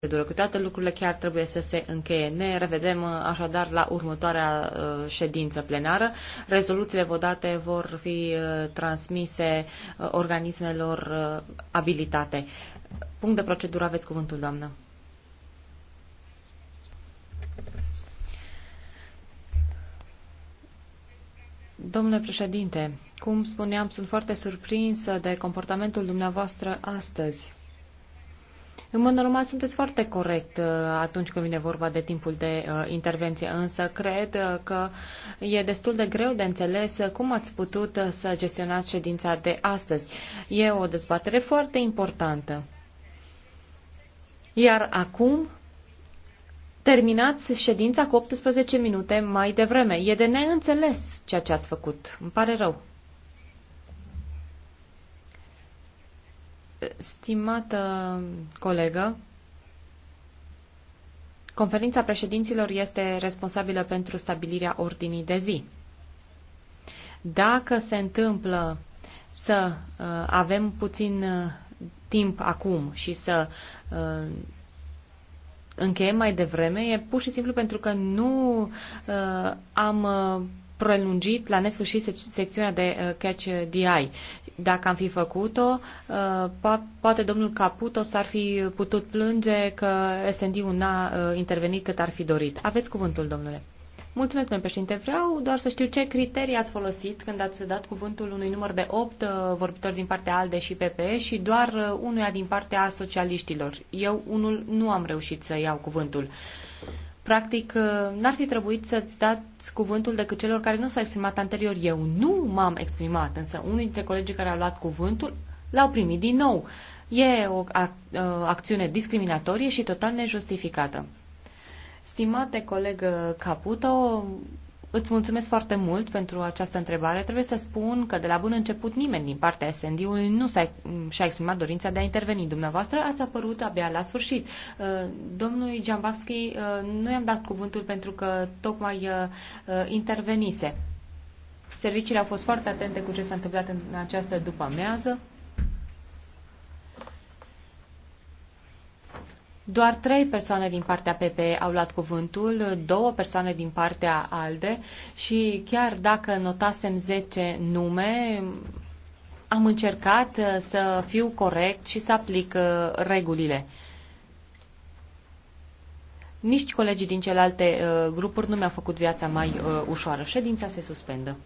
procedură. toate lucrurile chiar trebuie să se încheie. Ne revedem uh, așadar la următoarea uh, ședință plenară. Rezoluțiile votate vor fi uh, transmise organismelor abilitate. Punct de procedură, aveți cuvântul, doamnă. Domnule președinte, cum spuneam, sunt foarte surprinsă de comportamentul dumneavoastră astăzi. În mod normal sunteți foarte corect uh, atunci când vine vorba de timpul de uh, intervenție, însă cred uh, că e destul de greu de înțeles cum ați putut să gestionați ședința de astăzi. E o dezbatere foarte importantă. Iar acum terminați ședința cu 18 minute mai devreme. E de neînțeles ceea ce ați făcut. Îmi pare rău. Stimată colegă, conferința președinților este responsabilă pentru stabilirea ordinii de zi. Dacă se întâmplă să uh, avem puțin uh, timp acum și să uh, încheiem mai devreme, e pur și simplu pentru că nu am prelungit la nesfârșit sec secțiunea de uh, Catch DI. Dacă am fi făcut-o, uh, poate domnul Caputo s-ar fi putut plânge că SND-ul n-a uh, intervenit cât ar fi dorit. Aveți cuvântul, domnule. Mulțumesc, domnule președinte. Vreau doar să știu ce criterii ați folosit când ați dat cuvântul unui număr de 8 uh, vorbitori din partea ALDE și PPE și doar unuia din partea socialiștilor. Eu, unul, nu am reușit să iau cuvântul. Practic, uh, n-ar fi trebuit să-ți dați cuvântul decât celor care nu s-au exprimat anterior. Eu nu m-am exprimat, însă unul dintre colegii care au luat cuvântul l-au primit din nou. E o uh, acțiune discriminatorie și total nejustificată. Stimate colegă Caputo, Îți mulțumesc foarte mult pentru această întrebare. Trebuie să spun că de la bun început nimeni din partea SND-ului nu s-a, și-a exprimat dorința de a interveni. Dumneavoastră ați apărut abia la sfârșit. Uh, Domnului Giambaschi, uh, nu i-am dat cuvântul pentru că tocmai uh, intervenise. Serviciile au fost foarte atente cu ce s-a întâmplat în această după-amiază. Doar trei persoane din partea PPE au luat cuvântul, două persoane din partea ALDE și chiar dacă notasem 10 nume, am încercat uh, să fiu corect și să aplic uh, regulile. Nici colegii din celelalte uh, grupuri nu mi-au făcut viața mai ușoară. Ședința se suspendă.